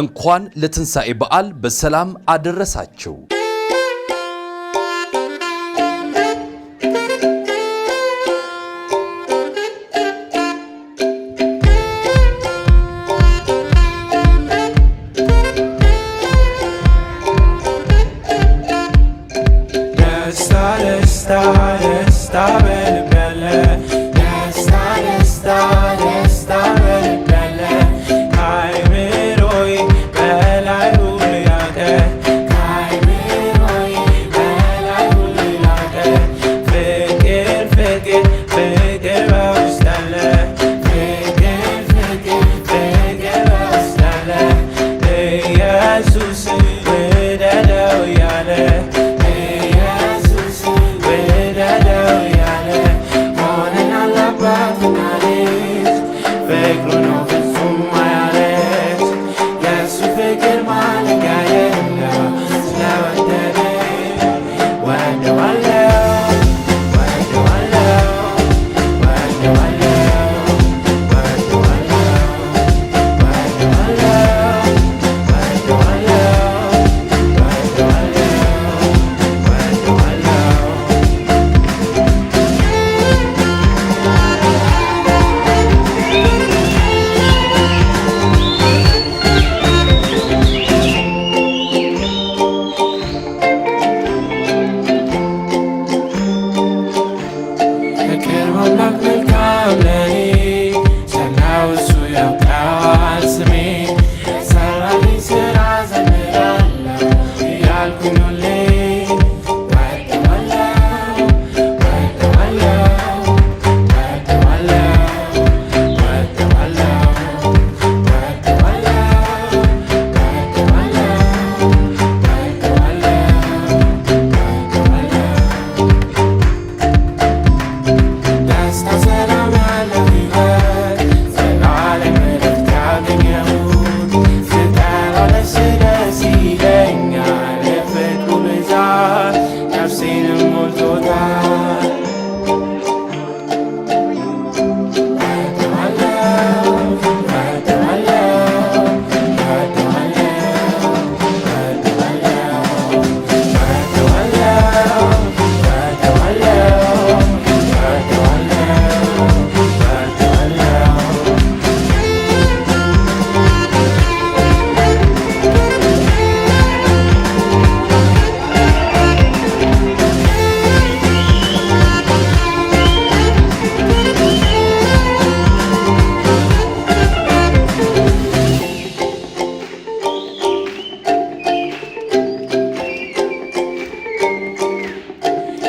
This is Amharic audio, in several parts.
እንኳን ለትንሣኤ በዓል በሰላም Stop it, Star, star, star, star, impecable.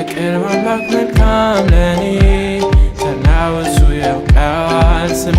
ለቅርባባክ መልካም ለኔ ተናወሱ ያውቃል ስሜ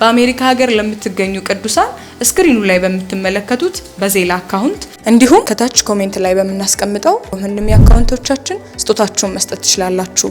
በአሜሪካ ሀገር ለምትገኙ ቅዱሳን ስክሪኑ ላይ በምትመለከቱት በዜላ አካውንት እንዲሁም ከታች ኮሜንት ላይ በምናስቀምጠው ምንም አካውንቶቻችን ስጦታችሁን መስጠት ትችላላችሁ።